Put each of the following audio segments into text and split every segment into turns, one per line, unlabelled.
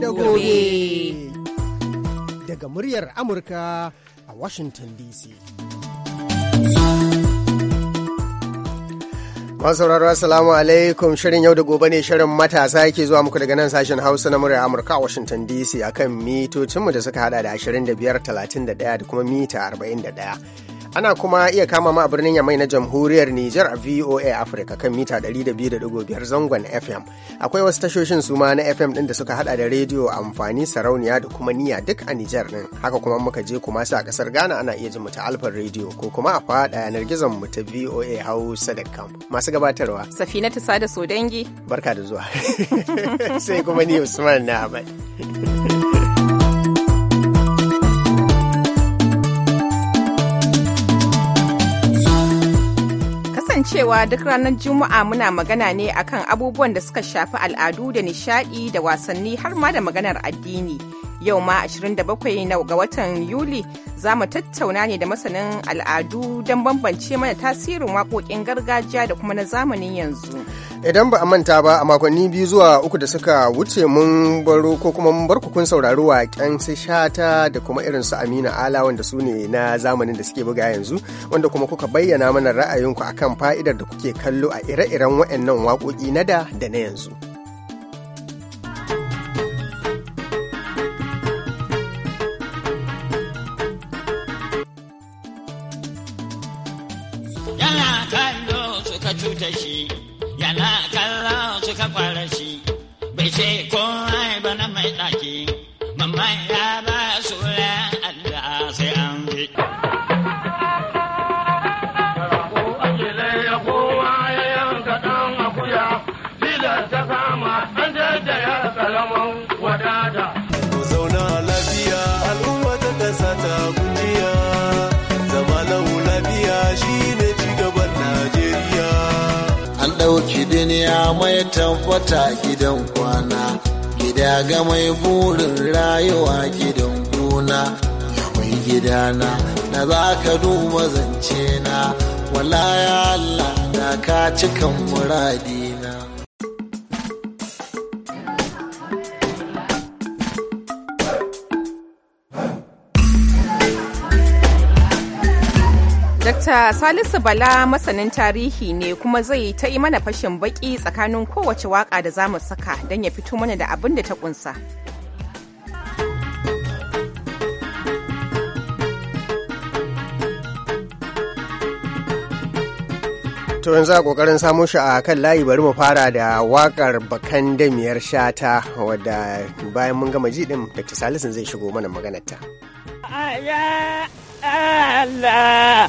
da gobe. Daga muryar Amurka a Washington DC. sauraro assalamu alaikum shirin yau da gobe ne shirin matasa yake zuwa muku daga nan sashen hausa na muryar amurka a washington dc akan mitocinmu da suka hada da 25 31 da kuma mita 41 Ana kuma iya kama ma a birnin Yamai na Jamhuriyar Nijar a VOA Africa kan mita 200.5 zangon FM. Akwai wasu tashoshin suma na FM ɗin da suka hada da rediyo amfani sarauniya da kuma niya duk a Nijar ɗin. Haka kuma muka je kuma sa a ƙasar Ghana ana iya ji mu Alfar rediyo ko kuma a fada yanar gizon mu ta VOA kam. Masu gabatarwa.
Safina ta sada Sodangi.
Barka da zuwa. Sai kuma ni Usman na
kasancewa duk ranar Juma'a muna magana ne akan abubuwan da suka shafi al'adu da nishadi da wasanni har ma da maganar addini. Yau ma 27 ga watan Yuli za mu tattauna ne da masanin al'adu don bambance mana tasirin waƙoƙin gargajiya da kuma na zamanin yanzu.
Idan ba a manta ba a makonni biyu zuwa uku da suka wuce mun baro ko kuma mun bar kun saurari waƙen su shata da kuma irin su Amina Ala wanda su ne na zamanin da suke buga yanzu wanda kuma kuka bayyana mana ra'ayinku akan fa'idar da kuke kallo a ire-iren waɗannan waƙoƙi na da da na yanzu.
yana kallon suka kwarashi bai sai ko ba na mai ɗaki mamman ya
ɗauki ya mai tabbata gidan kwana gida ga mai burin rayuwa gidan gona ya mai gidana na za ka duba zance na wala ya Allah da ka cikan muradi
Dr. Salisu Bala masanin tarihi ne kuma zai ta yi mana fashin baki tsakanin kowace waka da za mu saka don ya fito mana da abin da ta kunsa.
to yanzu a kokarin samo shi a kan layi bari mu fara da wakar bakan damiyar shata wadda bayan mun gama ji din dr salisu zai shigo mana maganarta.
Allah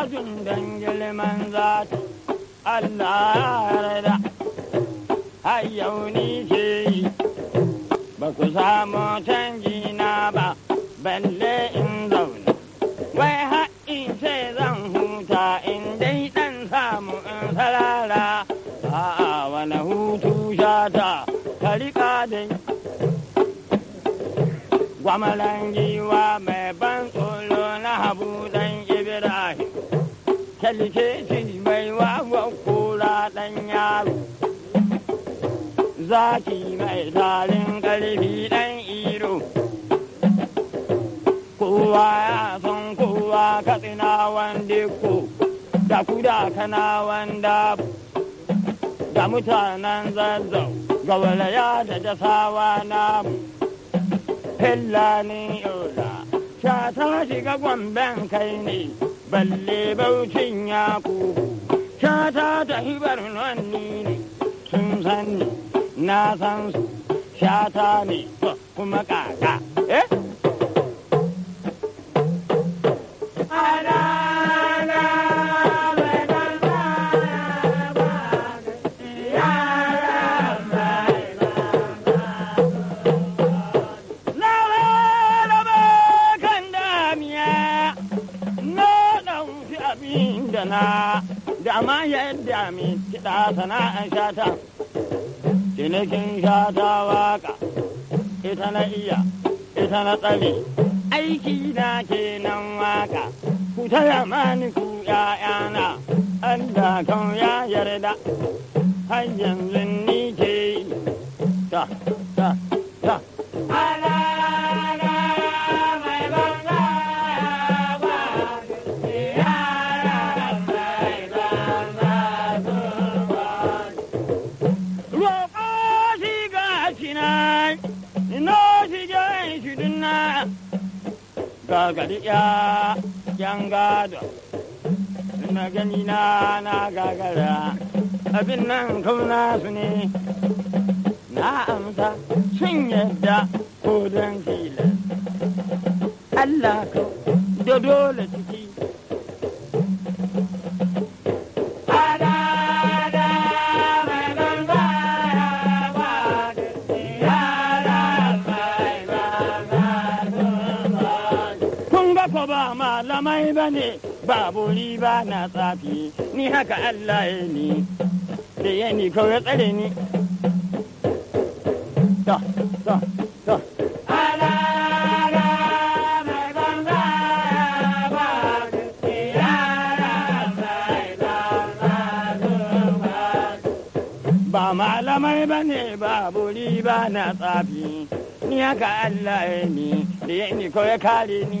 abin dangil manzatu Allah ya rada har yau ni ce yi ba ku samu canji na ba balle in zauna wai haƙi sai zan huta in dai ɗan samu in sarara a wani hutu shata ka riƙa dai gwamalan giwa mai ban tsoro na habu dan kyalke mai wawan kura ɗan yaro zaki mai tarin ƙarfi ɗan iro kowa ya san kowa katsina wanda ko da kuda kana wanda da mutanen zazzau ga walaya da jasawa na fillanin yola Shata ta shiga gwamben kai ne balle baucin ya kuhu sha ta tafi nan ni ne sun sani ni na san su sha ta ne kuma kaka sana'an shata cinikin shata waka ita na iya ita na tsare aiki na kenan waka ku taya mani ku ‘ya'yana da kan ya yarda har yanzu ni ke ta ya gado na gani na na gagara abin nan kauna su ne na amsa sun yadda ko don tilas Allah ka da dole ba ne ba bori ba na tsafi ni haka Allah ya ni da ya ni kawai tsare ni. Ta, ta, ta. Ba malamai ba ne ba bori ba na tsafi ni haka Allah ya ni da ya ni kawai kare ni.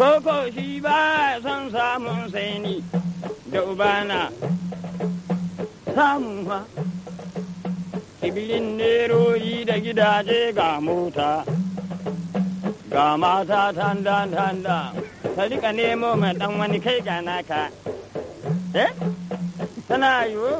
koko shi ba son samun sai ni da ubana samun ba Kibilin neroyi da gidaje ga mota ga mata tanda tanda ta rika nemo mai dan wani kai ga naka eh tana yiwu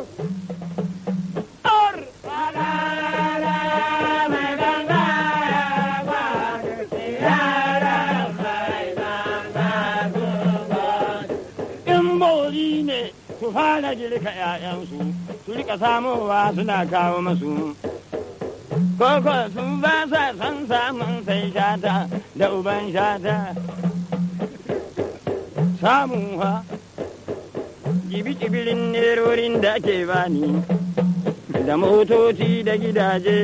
fara girka 'ya'yansu su rika samowa suna kawo masu koko sun ba sa san samun sai shata da uban shata samun gibi jibi nerorin da ake bani da motoci da gidaje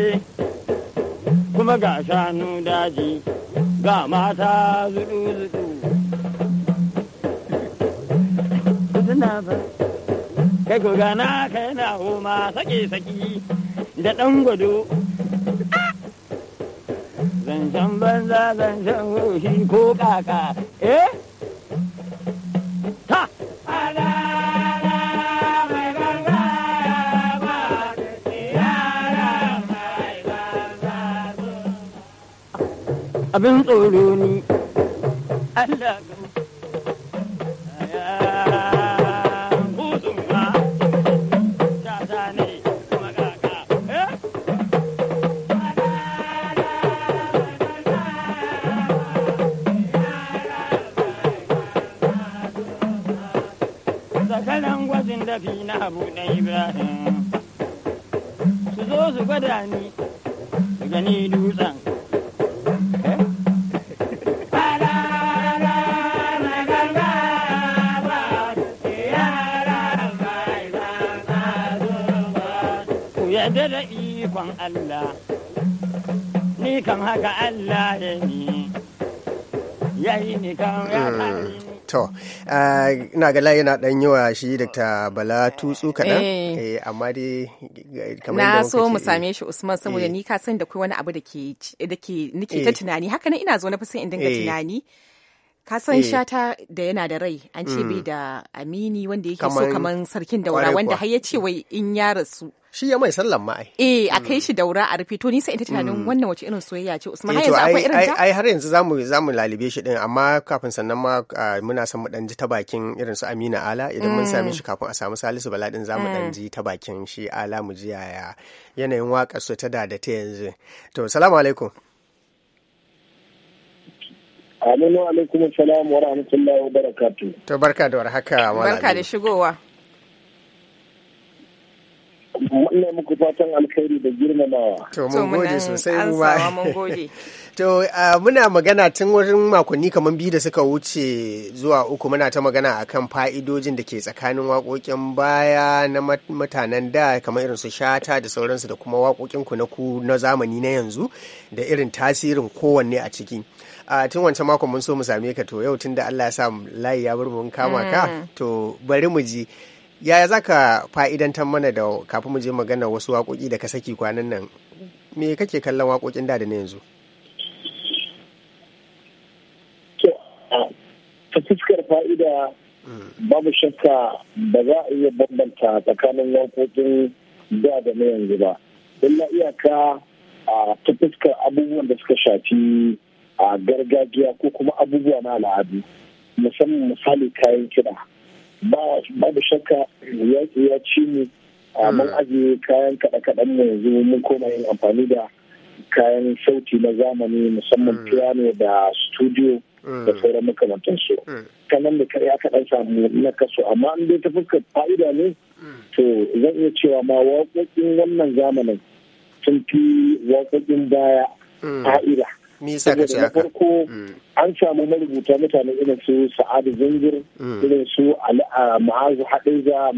kuma ga shanu daji ga mata zudu-zudu kai ko gana ka yana homa saki saki da ɗan gwado zancen banza zancen hoshi ko kaka eh abin tsoro ni Allah na abu na ibrahim su zo su gwada ni su gani dutsen da ikon Allah, ni kan haka Allah ya ni, ya
yi ni kan ya
Ah, ina ga layi na dan yi wa shi Dr. Bala tutsu kaɗan. Eh. Eh, amma dai kamar Na so mu eh.
same shi Usman saboda ni ka san da kai wani abu da ke nike ta tunani haka ina zo na fi san in dinga tunani. kasan san eh. shata da yana da rai an ce mm. bai da amini wanda yake so kaman sarkin daura wanda har ya ce wai in ya rasu shi ya mai sallan ma ai eh a kai mm. shi daura a rufe to ni sai ita tunanin mm. wannan wace irin soyayya ce Usman eh, har yanzu akwai irin ta
ai har yanzu zamu zamu lalibe shi din amma kafin sannan ma muna son mu dan ji ta bakin irin su Amina Ala idan mun same shi kafin a samu Salisu Bala din zamu dan ji ta bakin shi Ala mu ji yaya yanayin waƙar su ta da ta yanzu to salamu alaikum Aminu alaikum salam wa rahmatullahi wa barakatu. To barka da warhaka malami. Barka da
shigowa.
Wannan muku fatan alkhairi da girmamawa. To mun gode sosai mu ba.
To uh, muna magana tun wurin makonni kamar biyu da suka wuce zuwa uku muna ta magana akan fa'idojin da ke tsakanin waƙoƙin baya na mutanen da kamar irin su shata da sauransu da kuma waƙoƙin ku na ku na zamani na yanzu da irin tasirin kowanne a ciki. a tun wancan makon mun so mu same ka to yau tunda Allah ya sa mu layi ya bar mun kama ka mm. to bari mu ji yaya zaka ka fa'idantar mana da kafin mu je magana wasu waƙoƙi da ka saki kwanan nan me kake kallon waƙoƙin da da na yanzu
ta fuskar fa'ida mm. babu shakka ba za a iya bambanta tsakanin waƙoƙin da da na yanzu ba illa iyaka a ta fuskar abubuwan da suka shafi a gargajiya ko kuma abubuwa na al'adu musamman misali kayan kiɗa ba da shakka ya ci mu hmm. mun ajiye kayan kaɗe-kaɗen mu yanzu mun koma yin amfani da kayan sauti na zamani musamman hmm. piano da studio hmm. da sauran su kanan da aka kaɗan samu na kaso amma an dai ta fuskar fa'ida ne to zan iya cewa ma waƙoƙin wannan zamanin sun fi waƙoƙin baya fa'ida me saboda farko mm. an samu marubuta mutane irin su sa'adu zangir mm. irin su ma'azu haɗeja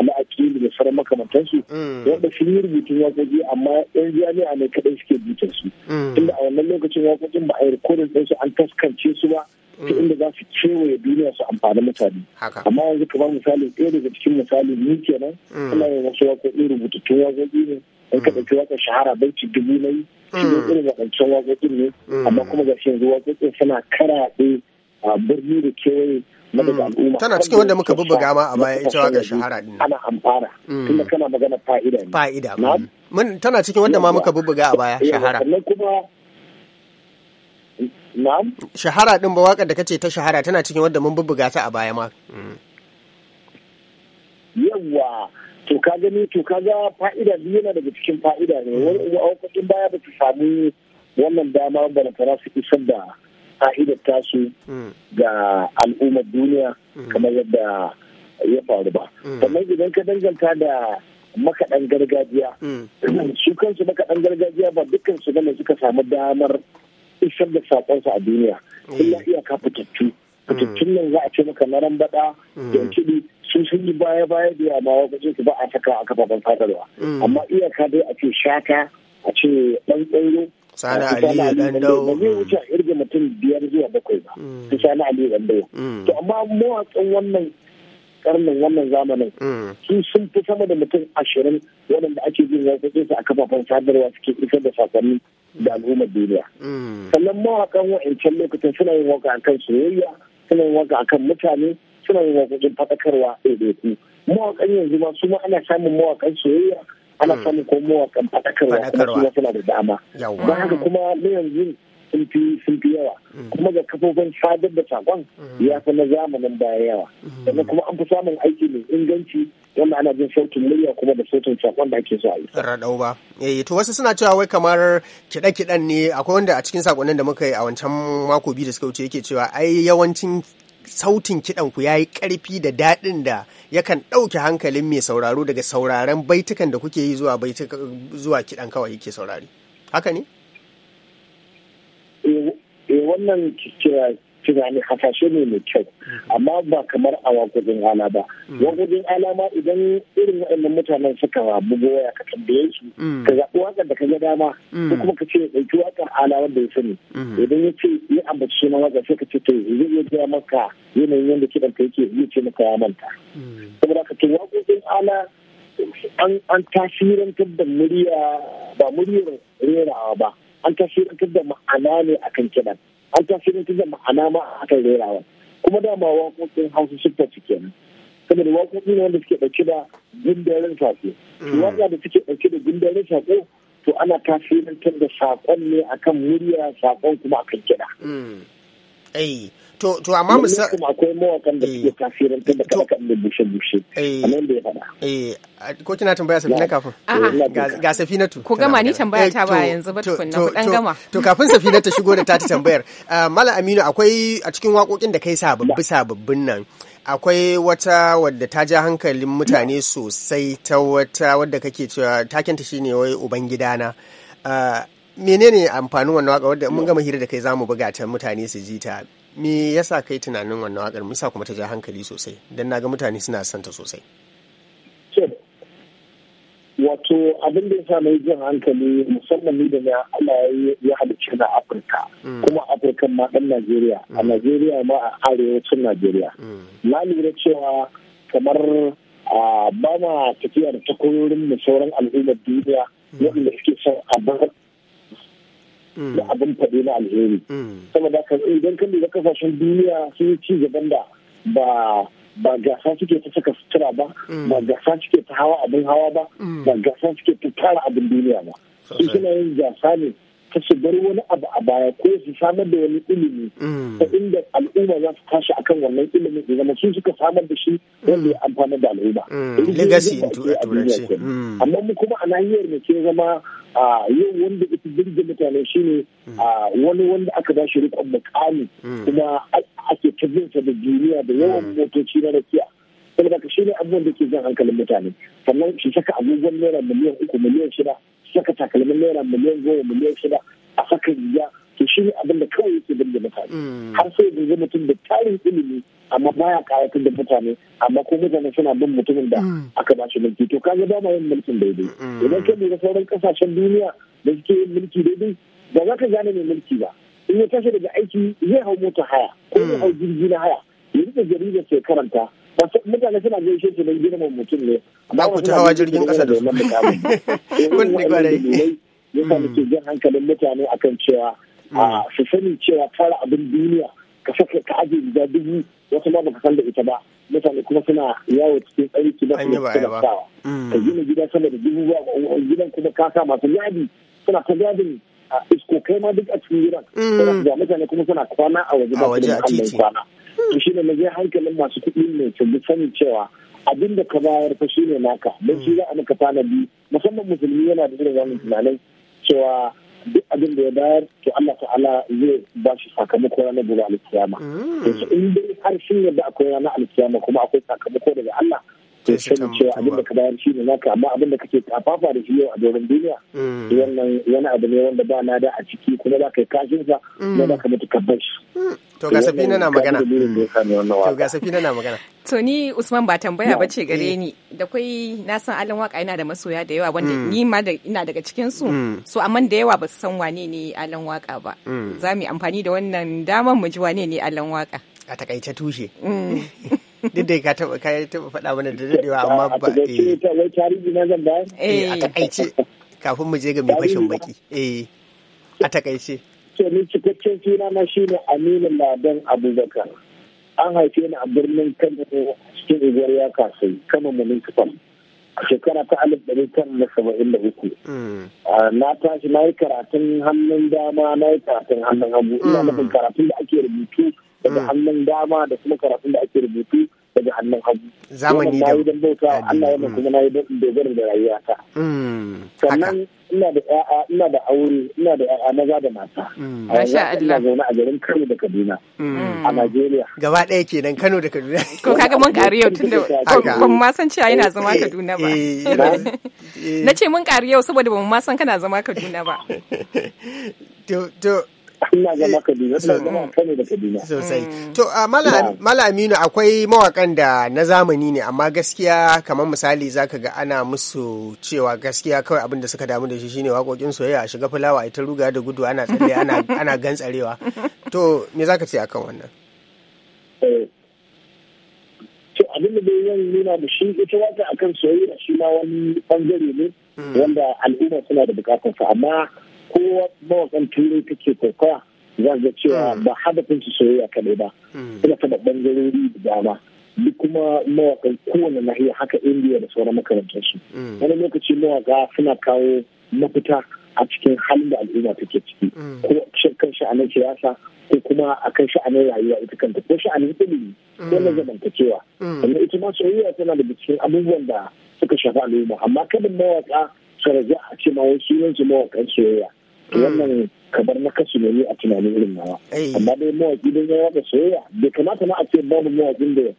al'akilu da sauran makamantansu mm. wanda sun yi rubutun waƙoƙi amma yan jami'a ne kaɗai suke bitan su tunda a wannan lokacin wakokin ba a yi rikodin su an taskance su ba ta inda za su kewaye duniya su amfani mutane amma yanzu kamar misali ɗaya daga cikin misali ni kenan ana yin wasu waƙoƙi rubutattun waƙoƙi ne in ka ɗauki waƙar shahara baiti dubu na yi shi ne mm. irin waɗancan waƙoƙin ne mm. amma kuma ga shi waƙoƙin suna karaɗe a birni da kewaye mm. tana cikin wanda muka bubbuga ma a baya ita waƙar shahara din ana amfana tunda kana magana fa'ida ne fa'ida
mun tana cikin wanda ma muka bubbuga a baya shahara sannan kuma na'am shahara din ba waƙar da kace ta shahara tana cikin wanda mun bubbuga ta a baya ma
yawwa to ka gani to ka ga fa'ida biyu yana daga cikin fa'ida ne wani mm. wakokin baya ba su samu wannan dama balantana su isar da fa'idar tasu mm. ga al'ummar duniya mm. kamar yadda ya faru ba sannan idan ka danganta da makaɗan gargajiya su kansu makaɗan gargajiya ba dukkan su bane suka samu damar isar da saƙonsu a duniya illa kafa fitattu fitattun hmm. nan za a ce maka na rambaɗa hmm. kiɗi sun sun yi baya baya da yawa wajen ba a saka a kafafen sadarwa hmm. amma ka dai a ce shata a ce ɗan tsoro
sani aliyu dan dau
ba zai wuce a irge mutum biyar zuwa bakwai ba su sani aliyu dan to amma mawakan wannan karnin wannan zamanin su sun fi sama da mutum ashirin waɗanda ake jin waƙoƙin su a kafafen sadarwa suke isar da sakonni da al'ummar duniya sannan mawaƙan wa'ancan lokacin suna yin a kan soyayya suna yin waka akan mutane suna yin waƙoƙin faɗakarwa ɗaiɗaiku mawaƙan yanzu ma su ma ana samun mawakan soyayya ana hmm. samun ko mawaƙan faɗakarwa kuma su suna da dama
don haka kuma
na yanzu sun fi yawa hmm. kuma ga kafofin sadar da saƙon hmm. ya fi na zamanin baya yawa sannan kuma an fi samun aiki mai inganci wanda ana jin sautin murya kuma da sautin sakon da ake so a yi.
Raɗau ba. Eh to wasu suna cewa wai kamar kiɗe-kiɗen ne akwai wanda a cikin sakonnin da muka yi a wancan mako biyu da suka wuce yake cewa ai yawancin sautin kiɗan ku yayi ƙarfi da daɗin da yakan ɗauke hankalin mai sauraro daga sauraren baitukan da kuke yi zuwa baituka zuwa kiɗan kawai yake saurari. Haka ne?
Eh, eh, wannan kira kin gane hasashe ne mai kyau amma ba kamar a wakudin ala ba mm. wakudin ala ma idan irin waɗannan mutanen suka rabu goya, ka tambaye su mm. ka zaɓi waƙar da ka ga dama ko mm. kuma ka ce ya ɗauki waƙar ala wanda ya sani idan ya ce ya ambaci sunan waƙar sai ka ce to zai iya gaya maka yanayin yadda kiɗan ka yake zai ce maka ya manta saboda ka ce waƙoƙin ala an tasirantar da murya ba muryar rerawa ba an tasirantar da ma'ana ne akan kiɗan an tasirantar da ma'ana ma a kan rerawa kuma dama waƙoƙin hausa siffar cike kenan saboda waƙoƙi ne wanda suke ɗauke da gundarin saƙo mm. waƙa da suke ɗauke da gundarin saƙo to ana tasirantar da saƙon ne akan murya saƙon kuma akan kiɗa
mm. eh to to amma musa kuma
akwai mawakan da suke eh, tasirin tun da kada da bushe bushe
eh, amma da ya faɗa eh ko kina tambaya safina kafin eh, ga safina tu ko gama ni tambaya ta ba yanzu ba tukunna ku dan gama to kafin safina ta shigo da ta ta tambayar ah, mala aminu akwai a cikin waƙoƙin da kai sababbi sababbin nan akwai wata wadda ta ja hankalin mutane sosai ta wata wadda kake cewa takinta shine wai ubangidana ah, menene amfanin wannan waka wadda mun gama hira da kai za mu buga ta mutane su ji ta me yasa kai tunanin wannan wakar sa kuma ta ja hankali sosai dan naga mutane suna son ta sosai
wato abin da yasa mai jin hankali musamman ni da na Allah ya halicci na Afirka mm. kuma Afirka ma dan Najeriya a mm. Najeriya ma a arewacin Najeriya mm. na lura cewa kamar ba ma tafiya da takwarorin mu sauran al'ummar duniya waɗanda suke son a da mm. abin faɗe na alheri mm. saboda haka idan kan da kasashen duniya sun yi ci gaban da ba ba gasa suke ta saka sutura ba mm. ba gasa suke ta hawa abin hawa ba ba gasa suke ta tara abin duniya ba suna yin gasa ne ta su bar wani abu a baya ko su samar da wani ilimi mm. ta inda al'umma za su tashi akan wannan ilimin da zama su suka samar da shi wanda ya mm. amfanar da al'umma. Mm. Legacy in turanci. Amma mu kuma a nahiyar mu ke zama yau wanda ita birge mutane shi ne wani wanda aka ba shi rikon mukami kuma ake tabbinsa da duniya da yawan motoci na rakiya. da ka shi ne abubuwan da ke zan hankalin mutane. Sannan shi saka abubuwan naira miliyan uku miliyan shida saka takalmin naira miliyan goma miliyan shida a saka riga to shi ne abin da kawai yake da mutane mm. har sai da zama mutum da tarin ilimi amma baya kayatar da mutane amma ko mutane suna bin mutumin da mm. aka ba shi mulki to kaga dama yin mulkin daidai mm. idan ka lura sauran kasashen duniya da suke yin mulki daidai ba za ka gane mai mulki ba in ya tashi daga aiki zai hau mota haya ko zai hau jirgi na haya ya rika jaridar sai karanta mutane suna gaishe su don girman mutum ne. Ba ku ta hawa jirgin ƙasa da su. Kun ni gwarai. Yasa nake jan hankalin mutane akan cewa hmm. su sani cewa fara abin duniya ka saka ka ajiye guda dubu wasu ma baka san da ita ba mutane kuma suna yawo cikin tsariki na kuma suna sawa. Hmm. Ka gina gida sama da dubu ba gidan kuma ka masu yadi suna ta gadin a iskokai ma duk a cikin gidan mm. ga mutane kuma suna kwana a waje ba su kan mai kwana hmm. to shine na je hankalin masu kuɗi ne ta bi sanin cewa abin da ka bayar fa shine naka don shi hmm. za a maka tanadi musamman musulmi yana da irin wannan tunanin cewa duk abin da ya bayar to Allah ta'ala zai ba shi sakamako ranar gaba alkiyama hmm. to in dai har shin da akwai ranar alkiyama kuma akwai sakamako daga Allah to sani cewa abin da ka bayar shi ne naka amma abin da kake kafafa da shi yau a doron duniya mm. wannan wani abu ne wanda ba na da a ciki kuma za ka yi kashin sa kuma mm. za ka mutu kabban shi
mm. to ga safina na
magana to ga safina na magana
to ni usman ba tambaya ba ce gare ni da kwai na san alin waka yana da masoya da yawa wanda ni ma ina daga cikin su so amma da yawa ba su san wane ne alin waka ba za mu yi amfani da wannan damar mu ji wane ne alin waka a takaice tushe
duk da ka taba ka taba faɗa mana da dadewa amma ba eh tarihi na zan ba eh a eh. takaice kafin mu je ga mai fashin baki eh a takaice to ni cikakken suna na shine Aminu
Ladan Abubakar an haife ni a birnin Kano cikin unguwar ya kasu Kano municipal a shekara ta alif ɗari tara da saba'in da uku. Mm. Na tashi na yi karatun hannun dama na yi karatun hannun hagu. Ina mm. nufin karatun da ake rubutu daga mm. hannun dama da kuma karatun da ake rubutu daga hannun hagu zamani da yi don bauta Allah ya mm. kuma na yi dogara da rayuwata
mm.
sannan ina da
ƴaƴa ina da aure ina da ƴaƴa maza da mata
a yanzu
ina zaune a garin Kano da Kaduna a Najeriya gaba ɗaya kenan Kano da Kaduna ko kaga mun ƙari yau tunda ba mu ma san cewa yana zama eh, Kaduna ba eh, na
ce mun ƙari yau saboda ban ma san kana zama Kaduna ba
to to Eh, sosai mm. to mala aminu akwai mawakan da na zamani ne amma gaskiya kamar misali zaka ga ana musu cewa gaskiya kawai abin da suka damu da shi shine wakokin soyayya a shiga fulawa ita ruga da gudu ana tsalle ana gantsarewa to me zaka ce akan wannan
eh, to abin da dai yan nuna da shi ita wata akan soyayya shi ma wani bangare ne mm. wanda al'umma suna da sa amma kowa mawakan turai take kwaikwaya za ga cewa hmm. ba hadafin su soyayya kaɗai ba hmm. suna taɓa ɓangarori da dama duk kuma mawakan kowane nahiya haka indiya da sauran makarantar su hmm. wani lokaci mawaka suna kawo mafita a cikin halin da al'umma take ciki ko kan sha'anin siyasa ko kuma a kan sha'anin rayuwa ita kanta ko sha'anin ilimi ko na zamantakewa sannan ita ma soyayya tana da cikin abubuwan da suka shafi al'umma amma kada mawaka su a ce ma wasu yanzu mawakan soyayya wannan kamar na kashi ne a tunanin irin nawa amma dai mawaki don ya waka soyayya bai kamata na a ce babu mawakin da ya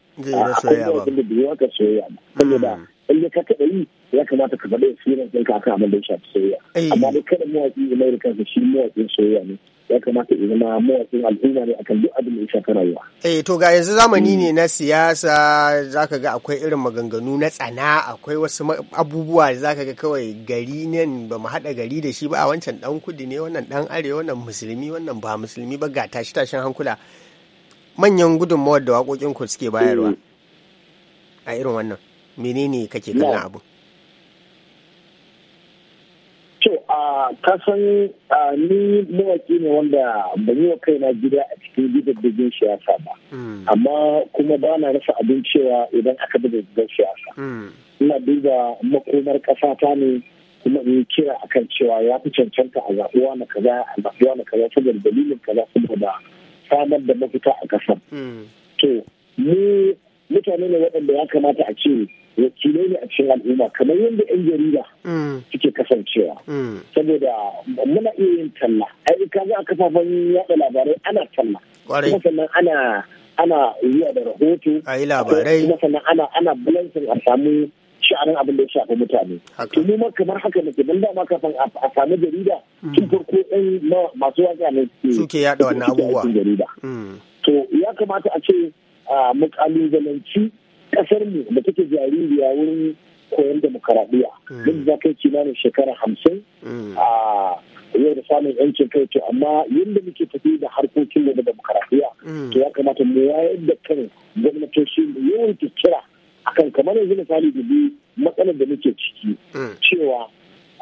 mawakin da waka soyayya ba saboda hmm. in da ka taɓa yi ya kamata ka faɗi experience ɗinka akan abin da ya shafi soyayya eh. amma dai kada mawaƙi ya mai da kansa shi mawaƙin soyayya ne ya kamata ya zama mawaƙin al'umma ne akan duk abin da ya shafi rayuwa.
Eh to ga yanzu zamani ne hmm. na siyasa zaka ga akwai irin maganganu na tsana akwai wasu abubuwa da zaka ga kawai gari ne ba mu haɗa gari da shi ba a wancan ɗan kudi ne wannan ɗan arewa wannan musulmi wannan ba musulmi ba ga tashi tashin hankula manyan gudunmawar da waƙoƙin ku suke bayarwa hmm. a irin wannan. menene kake kan abu to a
kasan ni mawaki ne wanda ban yi wa kaina gida a cikin gidajen siyasa ba hmm. amma kuma ba na rasa abin cewa idan aka bi gidan siyasa hmm. ina duba makomar ƙasa ta ne kuma in kira kan cewa ya fi cancanta a zaɓuwa na kaza a zaɓuwa na kaza saboda dalilin kaza saboda samar da mafita a ƙasar hmm. to mu mutane ne waɗanda ya kamata a ce wakilai ne a cikin al'umma kamar yadda 'yan jarida mm. suke kasancewa mm. saboda muna iya yin talla ai ka za a kafafen yaɗa labarai ana talla kuma sannan ana ana yiwa da rahoto a yi labarai kuma sannan ana ana bulansin a samu sha'anin abin da ya shafi mutane to mu ma kamar haka ne dan da ma kafin a samu jarida mm. tun farko ɗan masu waka ne suke yaɗa wannan abubuwa to ya kamata a ce mu zamanci kasar mu da take jaririya wurin koyon demokaradiyya hmm. duk za ka yi kimanin shekara hamsin hmm. a yau da samun yancin kai to amma yadda muke tafi da harkokin da demokaradiyya hmm. to ya kamata mu wayar da kan gwamnatoci mu yawan kira akan kamar yanzu misali da matsalar da muke ciki cewa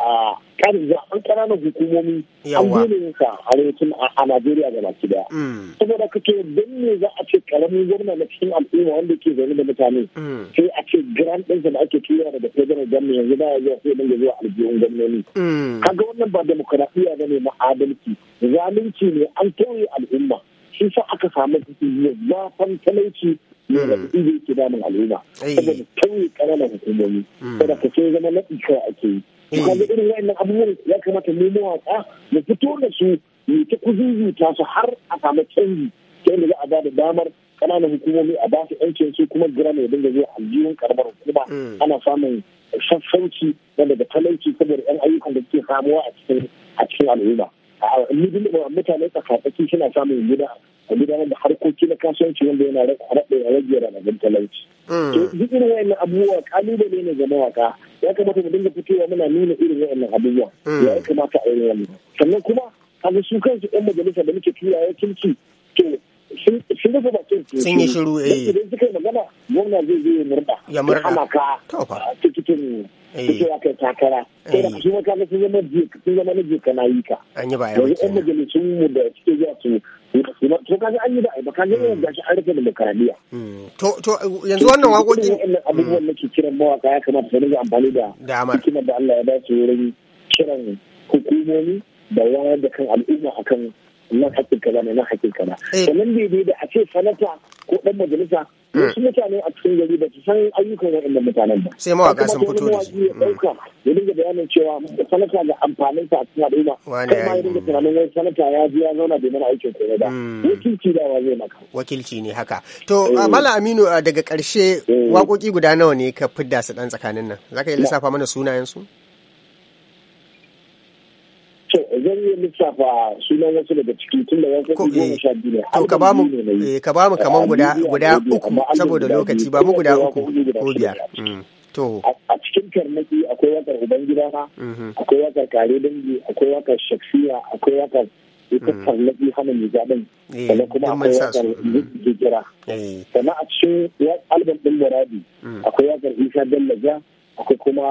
a kan zaɓen ƙananan hukumomi an dole a arewacin a Najeriya da baki daya. Mm. Saboda kake don me za a ce ƙaramin gwamna na cikin al'umma wanda ke zaune da mutane mm. sai a ce grand ɗinsa da ake tura daga federal gwamna yanzu ba ya zuwa sai dinga zuwa aljihun gwamnoni.
Mm. Kaga
wannan ba demokaraɗiyya ba ne ma'adalci zalunci ne an tauye al'umma. Shi sa aka samu zafan talauci Yau da kuɗi da ke damun al'umma. Saboda tauye ƙananan hukumomi. Saboda ka ce zama na ake yi. to eh. irin wa'annan abubuwan ya kamata mu mawaka mu fito da su mu ta kuzuzuta su har a samu canji ta da za a da damar kananan hukumomi a su yancin su kuma gira mai dinga zuwa aljihun karamar hukuma hmm. ana samun shaffanci na daga talauci saboda yan ayyukan da suke samuwa a cikin a cikin al'umma mutane tsakatsaki suna samun gida a gudanar da harkoki na kasuwanci wanda yana raɗe a rage ranakun talauci. Mm. To duk irin wa'annan abubuwa kalubale ne ga mawaka ya kamata mu dinga fitowa muna nuna irin wa'annan abubuwa mm. ya kamata a yi wani. Sannan kuma ga su kansu 'yan majalisa da muke tura ya kirki to sun rufe bakin su. Sun yi shiru eh. Idan suka yi magana gwamna zai zo ya murɗa. Ya murɗa. Ana ka tikitin eh. fitowa kai takara. Sai da eh. kuma kaga sun zama na je kana yi ka.
An yi baya. Yanzu 'yan
majalisun mu da suke zuwa su to kaga an yi da aiba kaga yawan gashi an rufe da dekaradiya hmm. to to yanzu wannan waƙoƙi wannan abubuwan nake kiran mawaka ya kamata su rinka amfani da hikimar da Allah ya ba su wurin kiran hukumomi da wayar da kan al'umma akan nan hakkin kaza ne nan hakkin kaza eh. sannan bai da a ce sanata ko ɗan majalisa hmm. wasu mutane a cikin gari ba su san ayyukan waɗannan
mutanen ba sai mawaka sun fito da shi ya dauka
hmm. ya dinga bayanin cewa sanata da amfanin sa a cikin al'umma kai ma ya dinga tunanin wani sanata ya je ya zauna bai mana aikin kore ba wakilci hmm. da wa zai
maka wakilci ne haka to eh. mala aminu daga ƙarshe eh. waƙoƙi guda nawa ne ka fidda su ɗan tsakanin nan zaka iya lissafa mana sunayen su zan iya lissafa sunan wasu daga ciki tun da wasu ko sha biyu ne. To ka ba mu eh, ka ba mu kaman guda guda uku saboda lokaci ba mu guda uku ko biyar. Mm. To. A cikin karnaki akwai wakar na mm-hmm. akwai wakar Kare Dangi,
akwai wakar Shaksiya, akwai wakar mm. ita karnaki hana mai zaɓen. Eh, sannan kuma akwai wakar Jijira. Mm. Eh. Sannan a cikin albam ɗin Muradi akwai wakar Isa Bello akwai kuma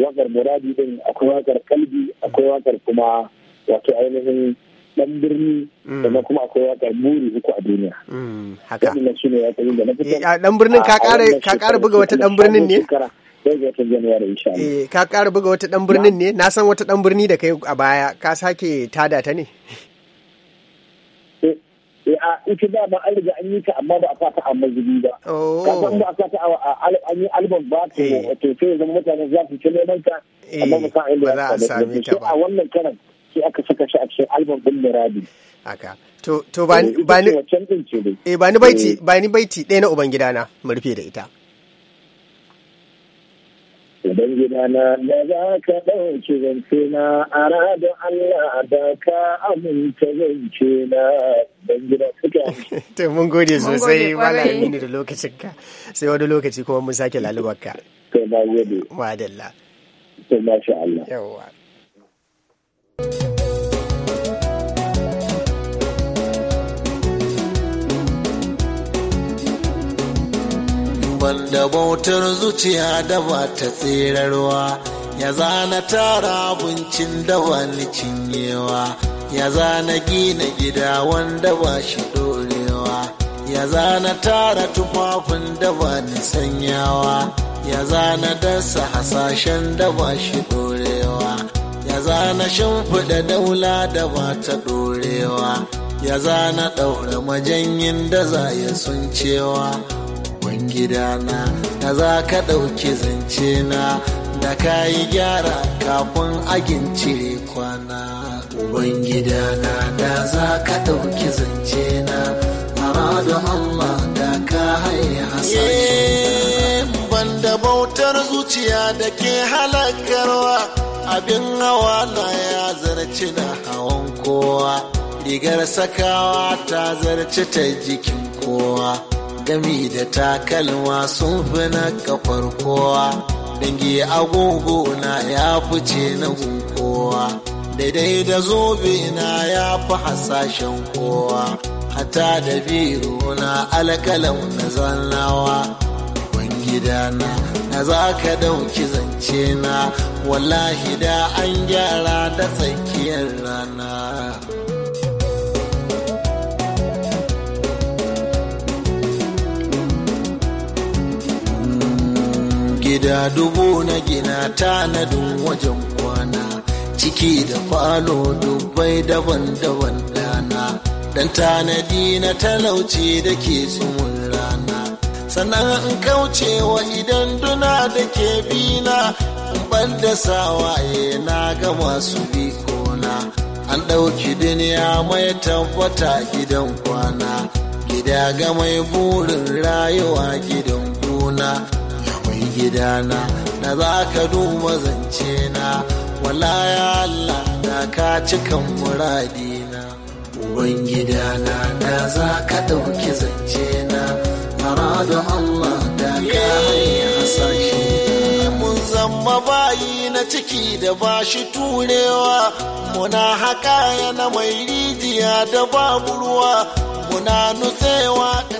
wakar muradi din akwai wakar kalbi akwai wakar kuma wato ainihin dan birni mm. sannan kuma akwai wakar buri uku a duniya
mm,
haka wannan ne ya da na fitar eh, dan birnin ka kara ka buga wata dan birnin ne Eh, ka kara buga wata dan birnin ne na san wata dan birni da kai a baya ka sake tada ta ne eh, eh, a ita da
ba an an yi ta amma ba a fata a mazubi ba oh. ka san ba a sa ta a an yi album ba ta wato sai zama mutane za su ci neman ta amma ba sa a yi ba za a sami ta ba a wannan karan
sai aka saka shi a cikin album din Muradi haka to to ba ni eh, ba ni eh ba ni baiti eh. ba ni baiti ɗaya na ubangidana mu rufe da ita
Idan gidana da za ka ɗauki zance na a radon Allah da ka aminta zance na don suka
To mun gode sosai malami mini da lokacinka sai wani lokaci kuma mun sake lalubarka. To na gode. Wadalla. To masha Allah. Yawwa.
Banda bautar zuciya da ta tserarwa, ya zana tara abincin da ni cinyewa, ya zana gina gida wanda ba shi dorewa, ya zana tara tufafin da ba ni sanyawa, ya zana dasa hasashen da ba shi dorewa. zana shimfiɗa daula da ba ta ɗorewa ya zana ɗaura majanyin da za ya sun cewa gidana da za ka ɗauki zance na da ka yi gyara kafin agin cire kwana gidana da za ka ɗauki zance na aradu Allah da ka haye hasashe eh, ban da bautar zuciya da ke halakarwa abin hawa na ya zarci na hawan kowa rigar sakawa ta zarci ta jikin kowa gami da takalma sun fi na kafar kowa dangi agogo na ya fice na kowa daidai da zobe na ya fi hasashen kowa hata da biro na alkalau na zannawa gidana. da za ka dauki zance na wallahi da an gyara da tsakiyar rana mm, gida dubu na gina tanadin wajen kwana ciki da falo dubbai daban-daban dana dan tanadi na talauci da ke tsuma sannan in kaucewa idan duna da ke bina in ban da sawaye na ga masu bikona an ɗauki duniya mai tabbata gidan kwana gida ga mai burin rayuwa gidan gona ya mai gidana da za ka duba zance na wala ya Allah da ka cikan muradina ubangidana na za ka ɗauki zance tara da Allah da kare hasashe mun zama bayi na ciki da ba shi turewa muna haka yana mai rijiya da babu ruwa muna nutsewa
ka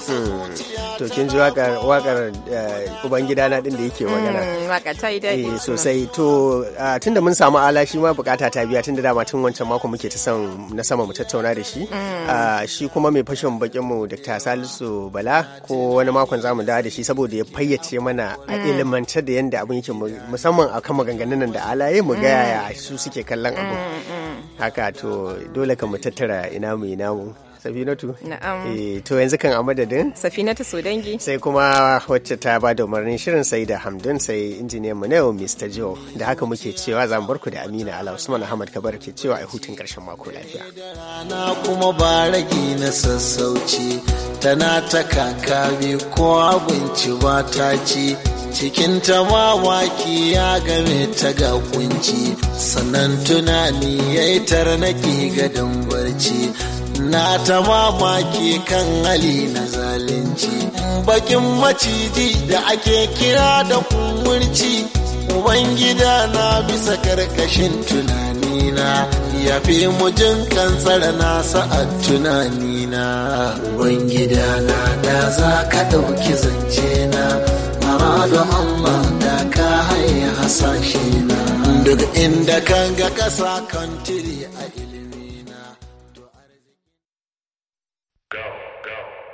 to kin ji wakar wakar eh, gida na din da yake mm, magana
waka ta yi daɗi eh,
sosai to ah, tunda mun samu ala shi ma bukata ta biya tunda dama tun wancan mako muke ta son na sama mu tattauna da shi mm. ah, shi kuma mai fashin bakin mu Dr. Salisu Bala ko wani makon zamu dawo da shi saboda ya fayyace mana a mm. ilimantar da yanda abun yake musamman akan maganganun nan da ala mu ga yaya su suke kallon abu haka to dole ka mu tattara ina mu ina mu Safinatu. Na'am. Eh to yanzu kan a madadin? Safinatu Sodangi. Sai kuma wacce ta ba da umarnin shirin sai da Hamdun sai injiniyan mu na yau Mr. Joe. Da haka muke cewa zan bar ku da Amina Ala Usman Ahmad Kabar ke cewa a hutun karshen mako lafiya.
Na kuma ba ragi na sassauci tana ta kakami ko abinci ba ta ci cikin ta mawaki ya game ta ga kunci sannan tunani ya yi tarnaki ga dambarci na ta mamaki kan hali na zalunci bakin maciji da ake kira da kumurci ubangida na bisa karkashin tunanina ya fi mujin kansar nasa a tunanina ubangida na da za ka ɗauki zance na mara da amma da ka haya hasashe na duk inda kan ga ƙasa kan tiri a